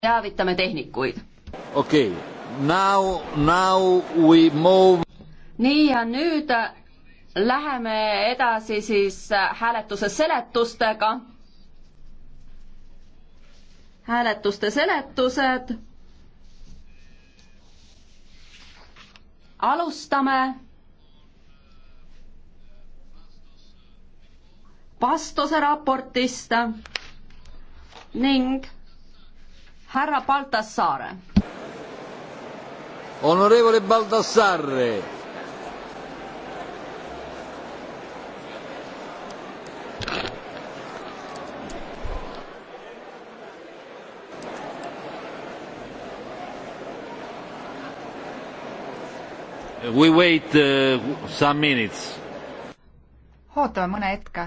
teavitame tehnikuid. okei okay., now, now we move. nii ja nüüd läheme edasi siis äh, hääletuse seletustega. hääletuste seletused. alustame. vastuse raportist ning härra Baltasaare. Honorevole Baltasaare. We wait uh, some minutes. ootame mõne hetke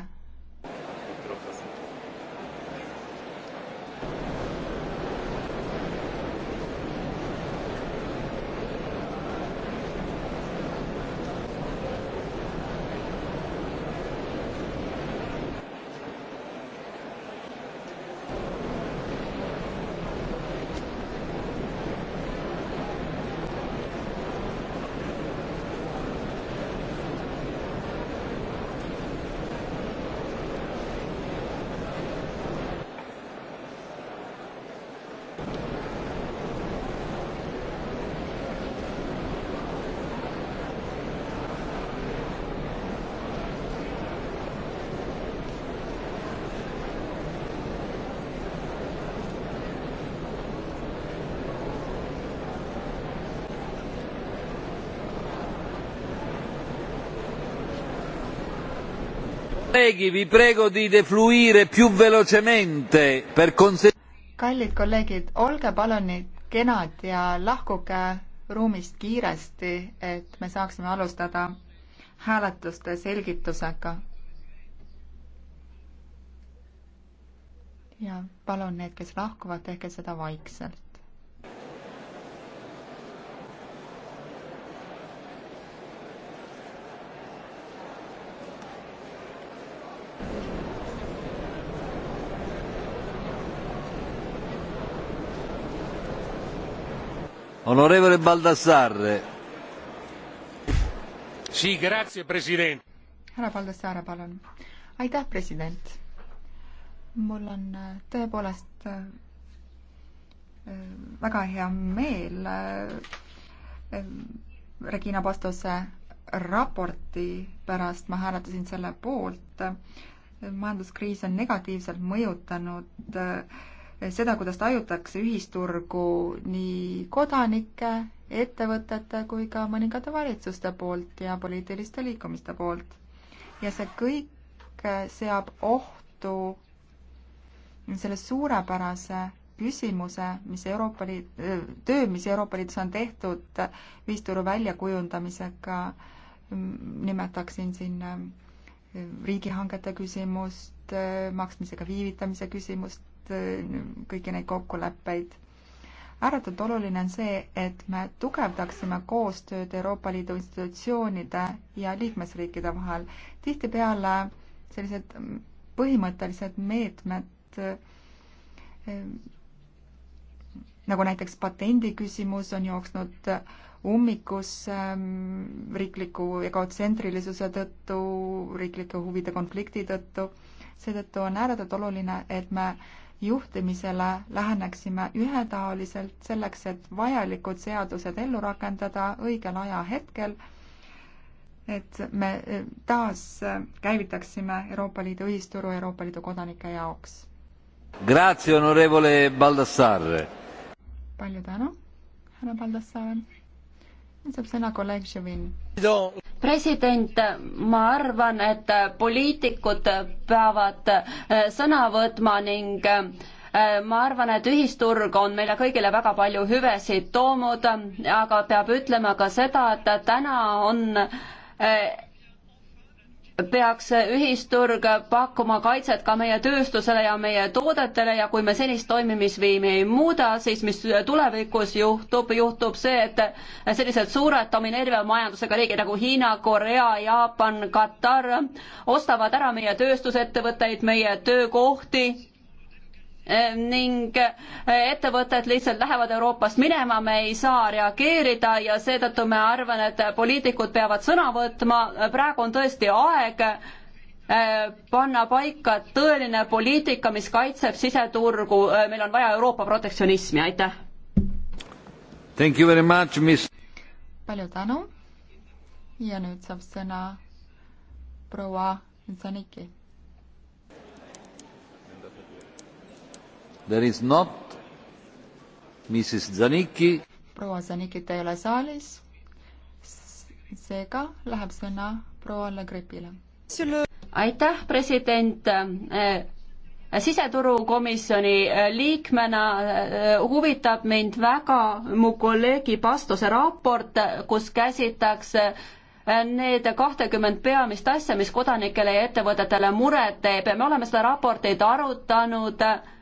Colleghi, vi prego di defluire più velocemente per consentire kallid kolleegid, olge palun nii kenad ja lahkuge ruumist kiiresti, et me saaksime alustada hääletuste selgitusega. ja palun need, kes lahkuvad, tehke seda vaikselt. Onorevole Baldassarre. Sì, grazie, president. härra Baldassarre, palun. aitäh, president. mul on äh, tõepoolest äh, väga hea meel äh, Regina Pastose raporti pärast ma hääletasin selle poolt. majanduskriis on negatiivselt mõjutanud äh, seda, kuidas tajutakse ühisturgu nii kodanike, ettevõtete kui ka mõningate valitsuste poolt ja poliitiliste liikumiste poolt. ja see kõik seab ohtu selle suurepärase küsimuse, mis Euroopa Liit, töö, mis Euroopa Liidus on tehtud ühisturu väljakujundamisega, nimetaksin siin riigihangete küsimust, maksmisega viivitamise küsimust, kõiki neid kokkuleppeid. ääretult oluline on see, et me tugevdaksime koostööd Euroopa Liidu institutsioonide ja liikmesriikide vahel. tihtipeale sellised põhimõttelised meetmed eh, nagu näiteks patendi küsimus on jooksnud ummikusse ähm, riikliku egotsentrilisuse tõttu, riiklike huvide konflikti tõttu. seetõttu on ääretult oluline, et me juhtimisele läheneksime ühetaoliselt selleks, et vajalikud seadused ellu rakendada õigel ajahetkel, et me äh, taas äh, käivitaksime Euroopa Liidu ühisturu Euroopa Liidu kodanike jaoks. palju tänu, härra Baldassare! saab sõna kolleeg Šovin. president, ma arvan, et poliitikud peavad äh, sõna võtma ning äh, ma arvan, et ühisturg on meile kõigile väga palju hüvesid toonud, aga peab ütlema ka seda, et täna on äh, peaks ühisturg pakkuma kaitset ka meie tööstusele ja meie toodetele ja kui me senist toimimisviimi ei muuda, siis mis tulevikus juhtub, juhtub see, et sellised suured domineeriva majandusega riigid nagu Hiina, Korea, Jaapan, Katar ostavad ära meie tööstusettevõtteid, meie töökohti Ehm, ning eh, ettevõtted lihtsalt lähevad Euroopast minema, me ei saa reageerida ja seetõttu ma arvan, et poliitikud peavad sõna võtma, praegu on tõesti aeg eh, panna paika tõeline poliitika, mis kaitseb siseturgu, eh, meil on vaja Euroopa protektsionismi, aitäh! palju tänu ja nüüd saab sõna proua Zaniki There is not Mrs Zanicki. proua Zanikit ei ole saalis. seega läheb sõna proua Le Gripile. aitäh, president äh, siseturukomisjoni äh, liikmena äh, huvitab mind väga mu kolleegi Pastuse raport, kus käsitakse need kahtekümmend peamist asja, mis kodanikele ja ettevõtetele muret teeb ja me oleme seda raportit arutanud äh,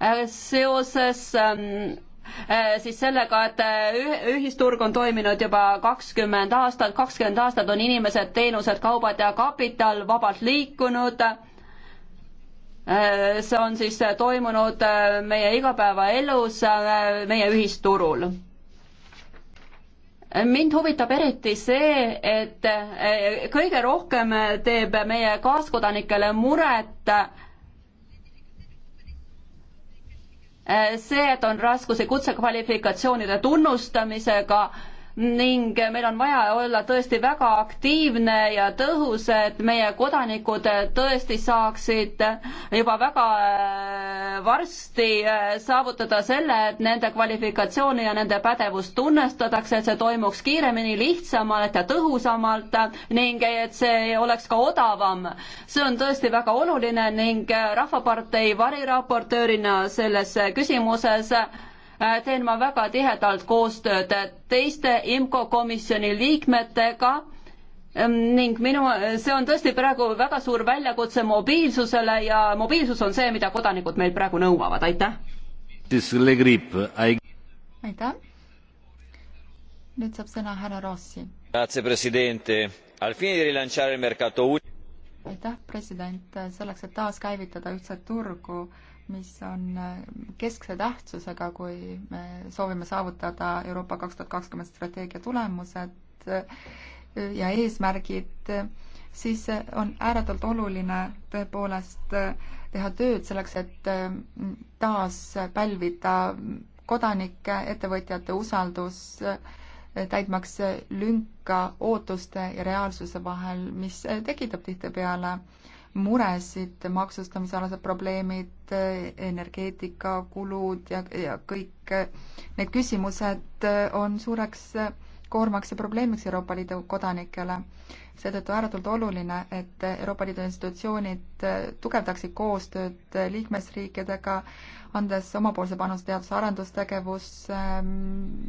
Äh, seoses ähm, äh, siis sellega, et äh, ühisturg on toiminud juba kakskümmend aastat, kakskümmend aastat on inimesed, teenused, kaubad ja kapital vabalt liikunud. see on siis toimunud meie igapäevaelus, meie ühisturul mind huvitab eriti see, et kõige rohkem teeb meie kaaskodanikele muret äh, see, et on raskusi kutsekvalifikatsioonide tunnustamisega ning meil on vaja olla tõesti väga aktiivne ja tõhus, et meie kodanikud tõesti saaksid juba väga äh, varsti äh, saavutada selle, et nende kvalifikatsiooni ja nende pädevust tunnestatakse, et see toimuks kiiremini, lihtsamalt ja tõhusamalt ning et see oleks ka odavam. see on tõesti väga oluline ning äh, Rahvapartei variraportöörina selles küsimuses Äh, teen ma väga tihedalt koostööd teiste IMCO komisjoni liikmetega ehm, ning minu, see on tõesti praegu väga suur väljakutse mobiilsusele ja mobiilsus on see, mida kodanikud meil praegu nõuavad, aitäh. aitäh. nüüd saab sõna härra Rossi. aitäh, president, selleks, et taaskäivitada ühtset turgu mis on äh, keskse tähtsusega, kui me soovime saavutada Euroopa kaks tuhat kakskümmend strateegia tulemused äh, ja eesmärgid, siis äh, on ääretult oluline tõepoolest teha tööd selleks, et taas pälvida kodanike, ettevõtjate usaldus, täitmaks lünka ootuste ja reaalsuse vahel, mis tekitab tihtipeale äh, muresid, maksustamisalased probleemid, energeetikakulud ja, ja kõik need küsimused on suureks koormaks ja probleemiks Euroopa Liidu kodanikele. seetõttu ääretult oluline, et Euroopa Liidu institutsioonid tugevdaksid koostööd liikmesriikidega, andes omapoolse panuse teadus- ja arendustegevusse ähm,,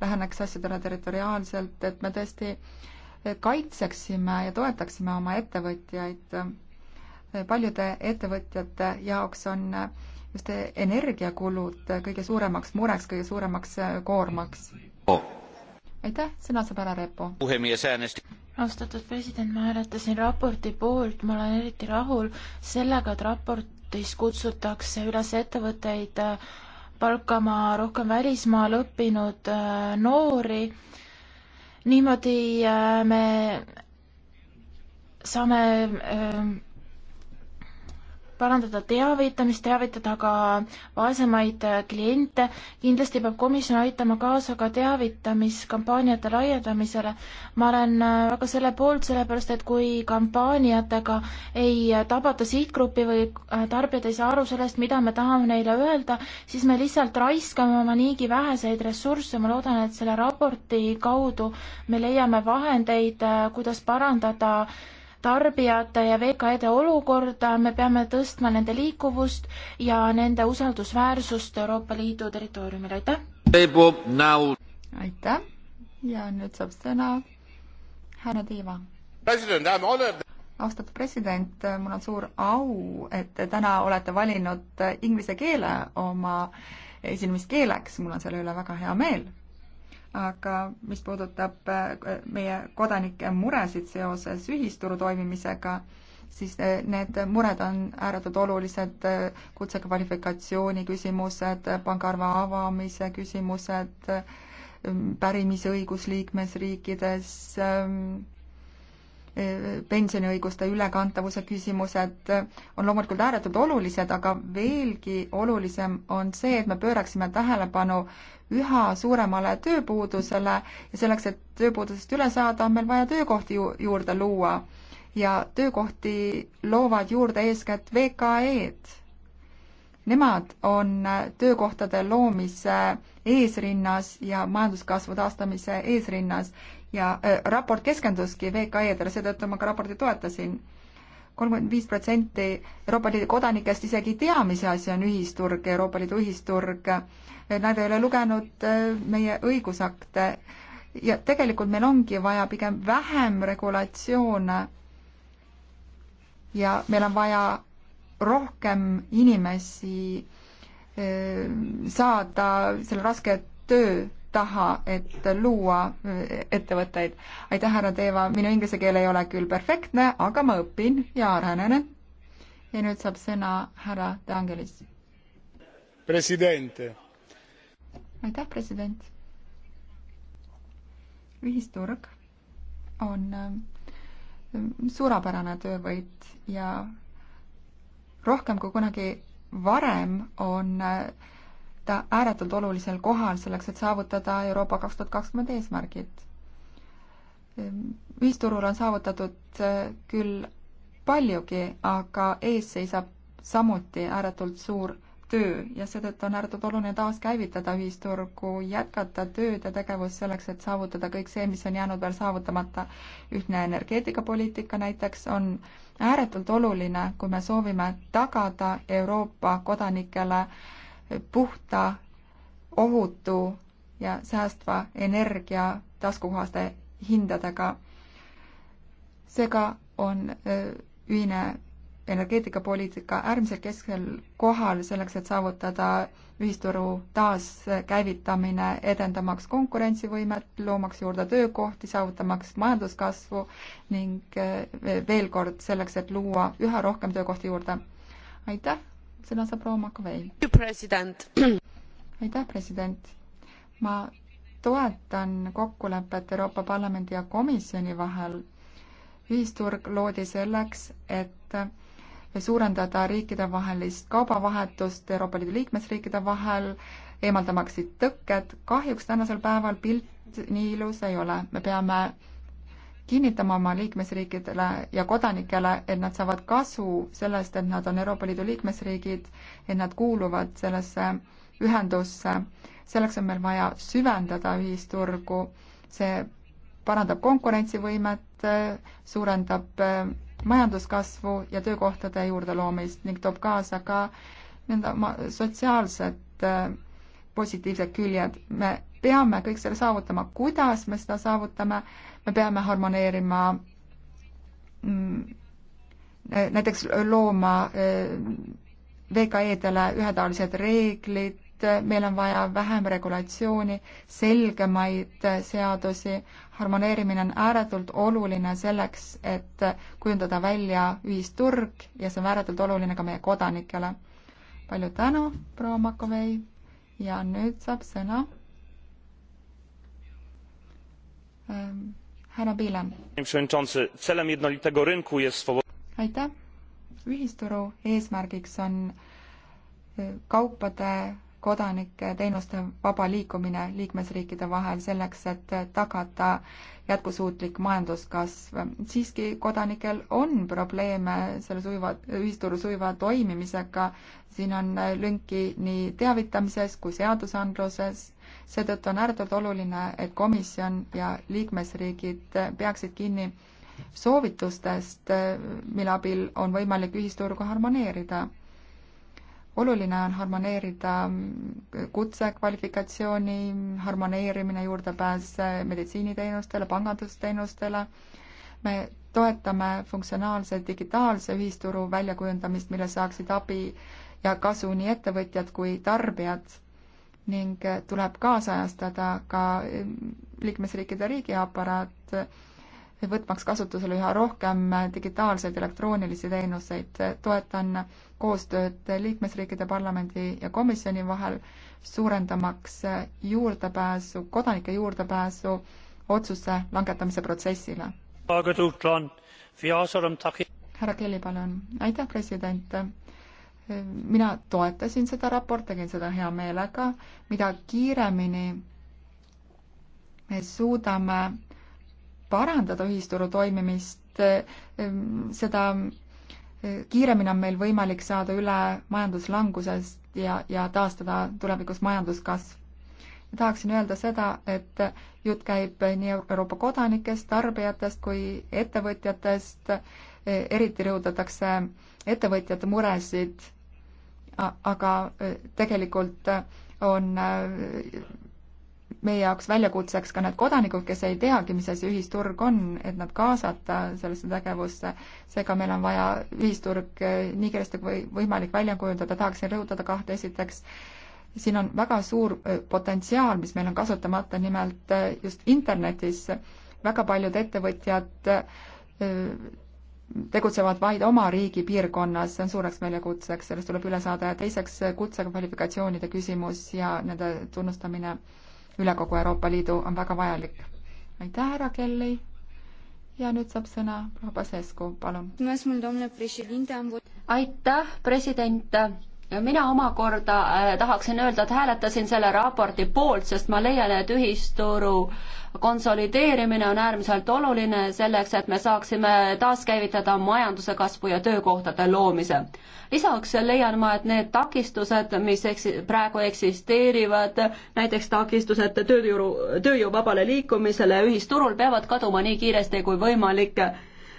läheneks asjadele territoriaalselt, et me tõesti äh, kaitseksime ja toetaksime oma ettevõtjaid. paljude ettevõtjate jaoks on just energiakulud kõige suuremaks mureks, kõige suuremaks koormaks oh.. aitäh, sõna saab ära Repo. puhemees äänest-. austatud president, ma hääletasin raporti poolt, ma olen eriti rahul sellega, et raportis kutsutakse üles ettevõtteid palkama rohkem välismaal õppinud äh, noori niimoodi äh, me saame äh, parandada teavitamist, teavitada ka vaesemaid kliente. kindlasti peab komisjon aitama kaasa ka teavitamiskampaaniate laiendamisele. ma olen äh, väga selle poolt, sellepärast et kui kampaaniatega ei tabata sihtgruppi või äh, tarbijad ei saa aru sellest, mida me tahame neile öelda, siis me lihtsalt raiskame oma niigi väheseid ressursse. ma loodan, et selle raporti kaudu me leiame vahendeid, äh, kuidas parandada tarbijate ja VKE-de olukorda, me peame tõstma nende liikuvust ja nende usaldusväärsust Euroopa Liidu territooriumil, aitäh! aitäh ja nüüd saab sõna härra Tiiva. austatud president, mul on suur au, et te täna olete valinud inglise keele oma esinemiskeeleks, mul on selle üle väga hea meel aga mis puudutab äh, meie kodanike muresid seoses ühisturu toimimisega, siis äh, need mured on ääretult olulised, äh, kutsekvalifikatsiooni küsimused, pangaarve avamise küsimused, pärimisõigus liikmesriikides ähm,, pensioniõiguste ülekantavuse küsimused on loomulikult ääretult olulised, aga veelgi olulisem on see, et me pööraksime tähelepanu üha suuremale tööpuudusele ja selleks, et tööpuudusest üle saada, on meil vaja töökohti ju juurde luua. ja töökohti loovad juurde eeskätt VKE-d. Nemad on töökohtade loomise eesrinnas ja majanduskasvu taastamise eesrinnas ja äh, raport keskenduski VKE-dele, seetõttu ma ka raporti toetasin. kolmkümmend viis protsenti Euroopa Liidu kodanikest isegi ei tea, mis asi on ühisturg, Euroopa Liidu ühisturg. Äh, nad ei ole lugenud äh, meie õigusakte ja tegelikult meil ongi vaja pigem vähem regulatsioone ja meil on vaja rohkem inimesi saada selle raske töö taha, et luua äh, ettevõtteid. aitäh, härra Teeva, minu inglise keel ei ole küll perfektne, aga ma õpin ja arenen. ja nüüd saab sõna härra De Angelis. president. aitäh, president. ühisturg on äh, suurepärane töövõit ja rohkem kui kunagi varem on äh, ta ääretult olulisel kohal selleks, et saavutada Euroopa kaks tuhat kakskümmend eesmärgid. ühisturul on saavutatud äh, küll paljugi, aga ees seisab samuti ääretult suur töö ja seetõttu on ääretult oluline taaskäivitada ühisturgu, jätkata tööd ja tegevust selleks, et saavutada kõik see, mis on jäänud veel saavutamata. ühtne energeetikapoliitika näiteks on ääretult oluline, kui me soovime tagada Euroopa kodanikele äh, puhta, ohutu ja säästva energia taskukohaste hindadega. seega on ühine energeetikapoliitika äärmiselt kesksel kohal selleks, et saavutada ühisturu taaskäivitamine, edendamaks konkurentsivõimet, loomaks juurde töökohti, saavutamaks majanduskasvu ning veel kord selleks, et luua üha rohkem töökohti juurde. aitäh! sõna saab proua Makovei. aitäh, president. ma toetan kokkulepet Euroopa Parlamendi ja komisjoni vahel. ühisturg loodi selleks, et suurendada riikidevahelist kaubavahetust Euroopa Liidu liikmesriikide vahel, eemaldamaks siit tõkked. kahjuks tänasel päeval pilt nii ilus ei ole. me peame kinnitama oma liikmesriikidele ja kodanikele, et nad saavad kasu sellest, et nad on Euroopa Liidu liikmesriigid, et nad kuuluvad sellesse ühendusse. selleks on meil vaja süvendada ühisturgu, see parandab konkurentsivõimet, suurendab eh, majanduskasvu ja töökohtade juurdeloomist ning toob kaasa ka nõnda oma sotsiaalsed eh, positiivsed küljed. me peame kõik selle saavutama, kuidas me seda saavutame, me peame harmoneerima mm, näiteks looma eh, VKE-dele ühetaolised reeglid, meil on vaja vähem regulatsiooni, selgemaid eh, seadusi, harmoneerimine on ääretult oluline selleks, et kujundada välja ühisturg ja see on ääretult oluline ka meie kodanikele. palju tänu, proua Makovei ja nüüd saab sõna Ehm, härra Piilem. aitäh. ühisturu eesmärgiks on e, kaupade, kodanike, teenuste vaba liikumine liikmesriikide vahel selleks, et tagada jätkusuutlik majanduskasv. siiski kodanikel on probleeme selle sujuva, ühisturu sujuva toimimisega, siin on lünki nii teavitamises kui seadusandluses seetõttu on ääretult oluline, et komisjon ja liikmesriigid peaksid kinni soovitustest, mille abil on võimalik ühisturgu harmoneerida. oluline on harmoneerida kutsekvalifikatsiooni, harmoneerimine, juurdepääs meditsiiniteenustele, pangandusteenustele, me toetame funktsionaalse digitaalse ühisturu väljakujundamist, millest saaksid abi ja kasu nii ettevõtjad kui tarbijad ning tuleb kaasajastada ka eh, liikmesriikide riigiaparaat, võtmaks kasutusele üha rohkem digitaalseid elektroonilisi teenuseid. toetan koostööd liikmesriikide parlamendi ja komisjoni vahel, suurendamaks juurdepääsu, kodanike juurdepääsu otsuse langetamise protsessile. härra Kelly, palun. aitäh, president mina toetasin seda raport, tegin seda hea meelega, mida kiiremini me suudame parandada ühisturu toimimist, ehm, seda ehm, kiiremini on meil võimalik saada üle majanduslangusest ja, ja taastada tulevikus majanduskasv. tahaksin öelda seda, et jutt käib nii Euroopa kodanikest, tarbijatest kui ettevõtjatest, e, eriti rõhutatakse ettevõtjate muresid aga e, tegelikult e, on e, meie jaoks väljakutseks ka need kodanikud, kes ei teagi, mis asi ühisturg on, et nad kaasata sellesse tegevusse. seega meil on vaja ühisturg nii kiiresti kui võimalik välja kujundada, tahaksin rõhutada kahte, esiteks siin on väga suur potentsiaal, mis meil on kasutamata, nimelt just internetis väga paljud ettevõtjad tegutsevad vaid oma riigi piirkonnas, see on suureks väljakutseks, sellest tuleb üle saada ja teiseks kutsekvalifikatsioonide küsimus ja nende tunnustamine üle kogu Euroopa Liidu on väga vajalik. aitäh, härra Kelly! ja nüüd saab sõna proua Pasescu, palun. aitäh, president! mina omakorda äh, tahaksin öelda, et hääletasin selle raporti poolt, sest ma leian, et ühisturu konsolideerimine on äärmiselt oluline selleks, et me saaksime taaskäivitada majanduse kasvu ja töökohtade loomise. lisaks leian ma, et need takistused, mis eks-, praegu eksisteerivad, näiteks takistused tööjõu, tööjõu vabale liikumisele ühisturul, peavad kaduma nii kiiresti kui võimalik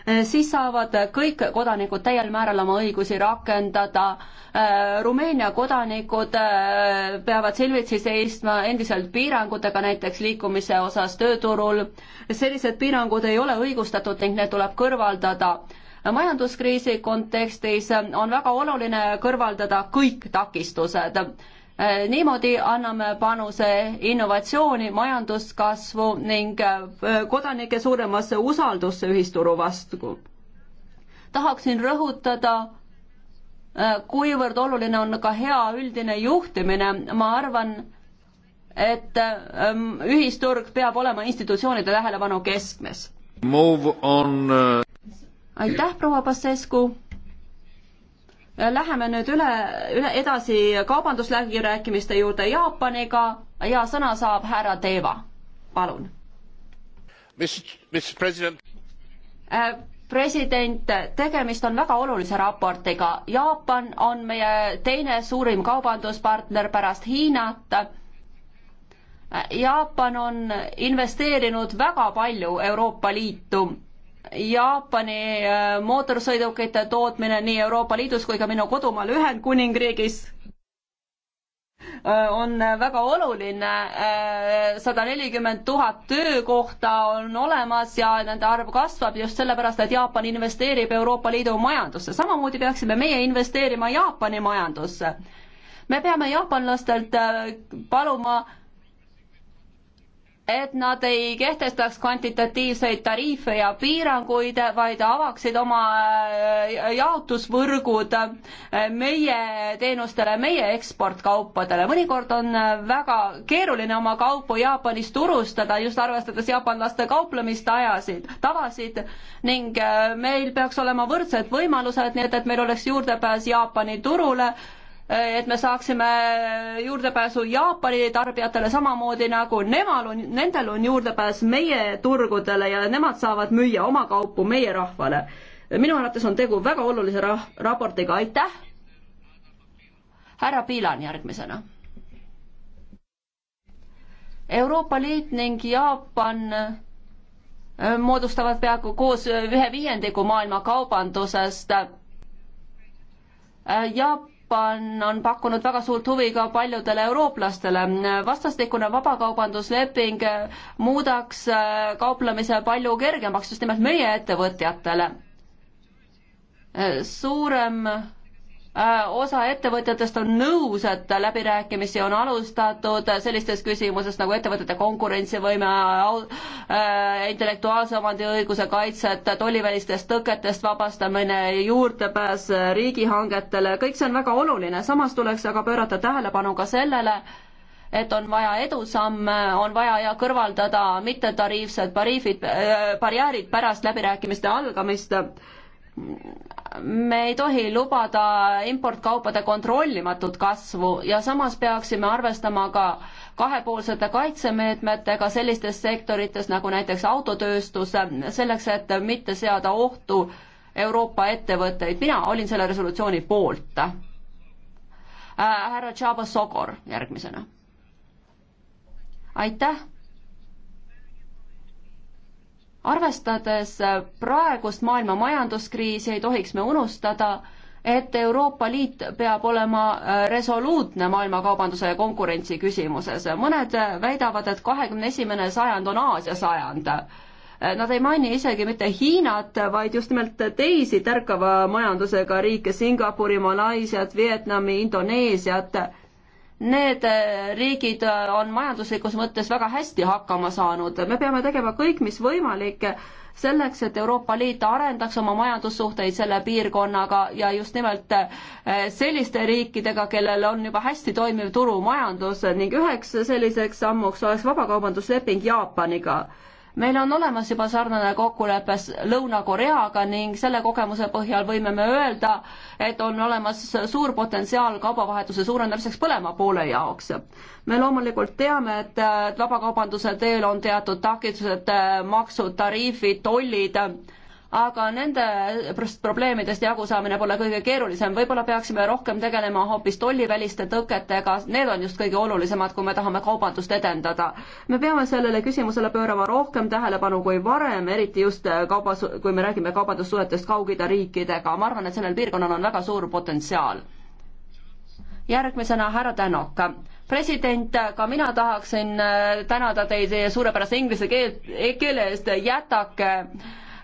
Äh, siis saavad kõik kodanikud täiel määral oma õigusi rakendada. Äh, Rumeenia kodanikud äh, peavad silmitsi seisma endiselt piirangutega, näiteks liikumise osas tööturul. sellised piirangud ei ole õigustatud ning need tuleb kõrvaldada majanduskriisi kontekstis on väga oluline kõrvaldada kõik takistused Äh, niimoodi anname panuse innovatsiooni, majanduskasvu ning äh, kodanike suuremasse usaldusse ühisturu vastu. tahaksin rõhutada, äh, kuivõrd oluline on ka hea üldine juhtimine, ma arvan, et ähm, ühisturg peab olema institutsioonide tähelepanu keskmes. aitäh, proua Pasescu Läheme nüüd üle, üle edasi kaubandusläbirääkimiste juurde Jaapaniga ja sõna saab härra Teeva, palun. president, äh, president, tegemist on väga olulise raportiga. Jaapan on meie teine suurim kaubanduspartner pärast Hiinat Jaapan on investeerinud väga palju Euroopa Liitu Jaapani äh, mootorsõidukite tootmine nii Euroopa Liidus kui ka minu kodumaal Ühendkuningriigis äh, on väga oluline. Äh, sada nelikümmend tuhat töökohta on olemas ja nende arv kasvab just sellepärast, et Jaapan investeerib Euroopa Liidu majandusse. samamoodi peaksime meie investeerima Jaapani majandusse. me peame jaapanlastelt paluma et nad ei kehtestaks kvantitatiivseid tariife ja piiranguid, vaid avaksid oma äh, jaotusvõrgud äh, meie teenustele, meie eksportkaupadele. mõnikord on äh, väga keeruline oma kaupu Jaapanis turustada, just arvestades jaapanlaste kauplemistajasid, tavasid ning meil peaks olema võrdsed võimalused, nii et, et meil oleks juurdepääs Jaapani turule et me saaksime juurdepääsu Jaapani tarbijatele samamoodi nagu nemal on, nendel on juurdepääs meie turgudele ja nemad saavad müüa oma kaupu meie rahvale. minu arvates on tegu väga olulise ra-, raportiga, aitäh! härra Piilan järgmisena. Euroopa Liit ning Jaapan äh, moodustavad peaaegu koos ühe viiendiku maailma kaubandusest. Äh, Jaap-, on, on pakkunud väga suurt huvi ka paljudele eurooplastele. vastastikune vabakaubandusleping muudaks äh, kauplemise palju kergemaks just nimelt meie ettevõtjatele. Äh, suurem Äh, osa ettevõtjatest on nõus, et läbirääkimisi on alustatud sellistes küsimuses nagu ettevõtete konkurentsivõime, äh, intellektuaalse omandiõiguse kaitset, tollivälistest tõketest vabastamine, juurdepääs riigihangetele, kõik see on väga oluline, samas tuleks aga pöörata tähelepanu ka sellele, et on vaja edusamme, on vaja kõrvaldada mittetariifsed tariifid, äh, barjäärid pärast läbirääkimiste algamist me ei tohi lubada importkaupade kontrollimatut kasvu ja samas peaksime arvestama ka kahepoolsete kaitsemeetmetega sellistes sektorites nagu näiteks autotööstus, selleks et mitte seada ohtu Euroopa ettevõtteid. mina olin selle resolutsiooni poolt äh,. härra Tšaba Sogor järgmisena. aitäh arvestades praegust maailma majanduskriisi, ei tohiks me unustada, et Euroopa Liit peab olema äh, resoluutne maailmakaubanduse ja konkurentsi küsimuses. mõned väidavad, et kahekümne esimene sajand on Aasia sajand. Nad ei maini isegi mitte Hiinat, vaid just nimelt teisi tärkava majandusega riike, Singapuri, Malaisiat, Vietnami, Indoneesiat Need äh, riigid äh, on majanduslikus mõttes väga hästi hakkama saanud, me peame tegema kõik, mis võimalik, selleks, et Euroopa Liit arendaks oma majandussuhteid selle piirkonnaga ja just nimelt äh, selliste riikidega, kellel on juba hästi toimiv turumajandus ning üheks selliseks sammuks oleks vabakaubandusleping Jaapaniga meil on olemas juba sarnane kokkulepe Lõuna-Koreaga ning selle kogemuse põhjal võime me öelda, et on olemas suur potentsiaal kaubavahetuse suurendamiseks mõlema poole jaoks. me loomulikult teame, et vabakaubanduse teel on teatud takistused, maksud, tariifid, tollid aga nende probleemidest jagusaamine pole kõige keerulisem, võib-olla peaksime rohkem tegelema hoopis tolliväliste tõketega, need on just kõige olulisemad, kui me tahame kaubandust edendada. me peame sellele küsimusele pöörama rohkem tähelepanu kui varem, eriti just kaubas, kui me räägime kaubandussuhetest Kaug-Ida riikidega, ma arvan, et sellel piirkonnal on väga suur potentsiaal. järgmisena härra Tänok president, ka mina tahaksin äh, tänada teid suurepärase inglise keel, e-, keele eest, jätake äh,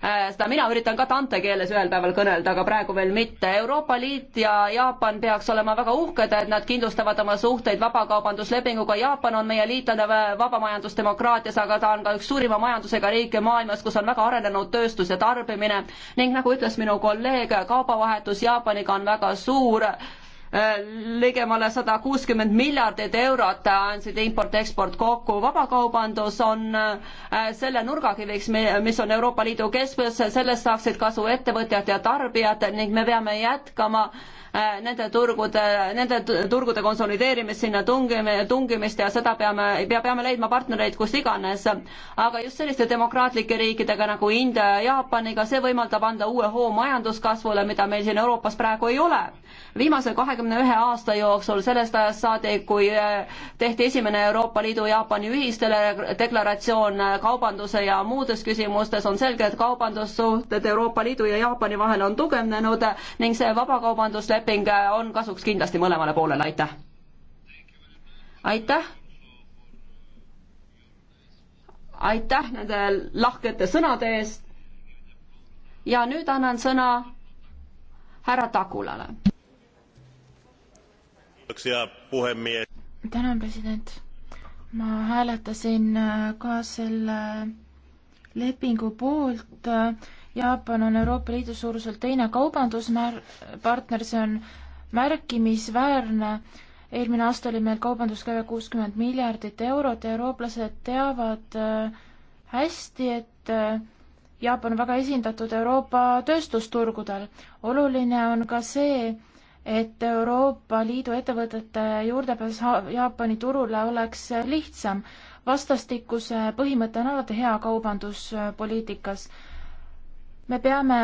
Äh, seda mina üritan ka tante keeles ühel päeval kõnelda, aga praegu veel mitte. Euroopa Liit ja Jaapan peaks olema väga uhked, et nad kindlustavad oma suhteid vabakaubanduslepinguga. Jaapan on meie liitlane vabamajandusdemokraatias, aga ta on ka üks suurima majandusega riike maailmas, kus on väga arenenud tööstus ja tarbimine ning nagu ütles minu kolleeg, kaubavahetus Jaapaniga on väga suur Äh, ligemale sada kuuskümmend miljardit eurot andsid import-eksport kokku. vabakaubandus on äh, selle nurgakiviks, mis on Euroopa Liidu keskmes, sellest saaksid kasu ettevõtjad ja tarbijad ning me peame jätkama äh, nende turgude, nende turgude konsolideerimist, sinna tungime, tungimist ja seda peame, peame leidma partnereid kus iganes. aga just selliste demokraatlike riikidega nagu India ja Jaapaniga, see võimaldab anda uue hoo majanduskasvule, mida meil siin Euroopas praegu ei ole. viimase kahekümne kahekümne ühe aasta jooksul sellest ajast saadi, kui äh, tehti esimene Euroopa Liidu ja Jaapani ühistele deklaratsioon äh, kaubanduse ja muudes küsimustes, on selge, et kaubandussuhted Euroopa Liidu ja Jaapani vahel on tugevnenud ning see vabakaubandusleping äh, on kasuks kindlasti mõlemale poolele, aitäh! aitäh! aitäh nende lahkete sõnade eest ja nüüd annan sõna härra Tagulale tänan, president. ma hääletasin äh, ka selle lepingu poolt. Jaapan on Euroopa Liidu suuruselt teine kaubanduspartner, see on märkimisväärne. eelmine aasta oli meil kaubanduskäive kuuskümmend miljardit eurot ja eurooplased teavad äh, hästi, et äh, Jaapan on väga esindatud Euroopa tööstusturgudel. oluline on ka see, et Euroopa Liidu ettevõtete juurdepääs Jaapani turule oleks lihtsam. vastastikuse põhimõte on alati hea kaubanduspoliitikas. me peame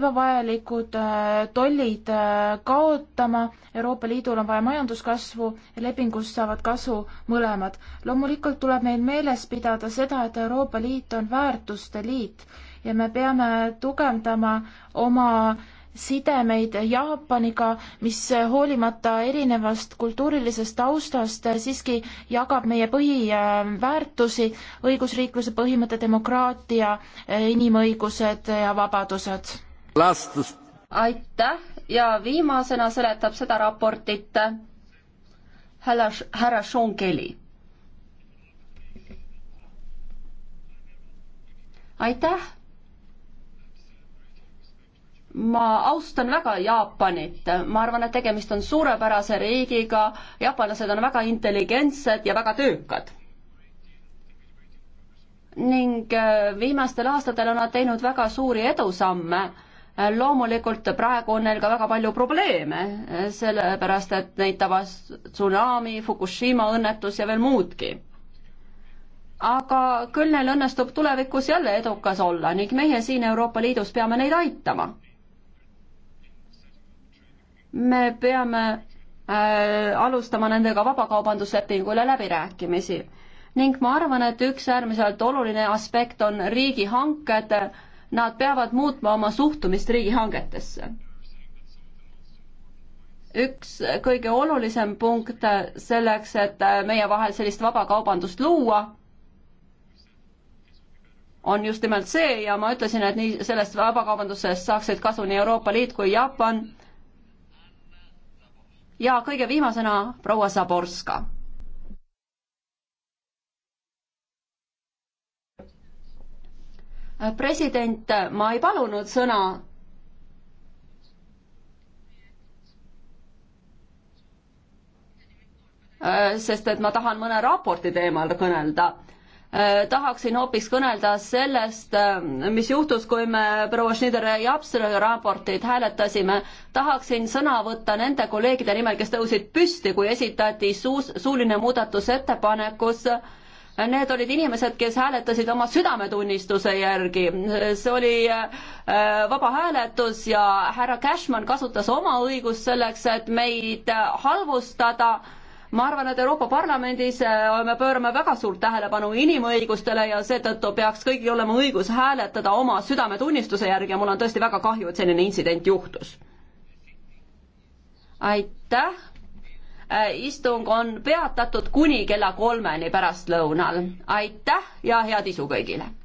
ebavajalikud äh, tollid äh, kaotama, Euroopa Liidul on vaja majanduskasvu ja lepingust saavad kasu mõlemad. loomulikult tuleb meil meeles pidada seda, et Euroopa Liit on väärtuste liit ja me peame tugevdama oma sidemeid Jaapaniga, mis hoolimata erinevast kultuurilisest taustast siiski jagab meie põhiväärtusi, õigusriikluse põhimõte, demokraatia, inimõigused ja vabadused. aitäh ja viimasena seletab seda raportit härra, härra Sean Kelly. aitäh ma austan väga Jaapanit, ma arvan, et tegemist on suurepärase riigiga, jaapanlased on väga intelligentsed ja väga töökad. ning äh, viimastel aastatel on nad teinud väga suuri edusamme. loomulikult praegu on neil ka väga palju probleeme, äh, sellepärast et neid tabas tsunami, Fukushima õnnetus ja veel muudki aga küll neil õnnestub tulevikus jälle edukas olla ning meie siin Euroopa Liidus peame neid aitama me peame äh, alustama nendega vabakaubanduslepingule läbirääkimisi ning ma arvan, et üks äärmiselt oluline aspekt on riigihanked. Nad peavad muutma oma suhtumist riigihangetesse. üks kõige olulisem punkt selleks, et meie vahel sellist vabakaubandust luua, on just nimelt see ja ma ütlesin, et nii sellest vabakaubandusest saaksid kasu nii Euroopa Liit kui Jaapan ja kõige viimasena proua Zaborska. president, ma ei palunud sõna. sest et ma tahan mõne raporti teemal kõnelda Äh, tahaksin hoopis kõnelda sellest, äh, mis juhtus, kui me proua Schneider-Japsre raportit hääletasime. tahaksin sõna võtta nende kolleegide nimel, kes tõusid püsti, kui esitati suus, suuline muudatusettepanekus. Need olid inimesed, kes hääletasid oma südametunnistuse järgi. see oli äh, vaba hääletus ja härra Cashman kasutas oma õigust selleks, et meid halvustada ma arvan, et Euroopa Parlamendis äh, me pöörame väga suurt tähelepanu inimõigustele ja seetõttu peaks kõigil olema õigus hääletada oma südametunnistuse järgi ja mul on tõesti väga kahju, et selline intsident juhtus. aitäh. Äh, istung on peatatud kuni kella kolmeni pärastlõunal. aitäh ja head isu kõigile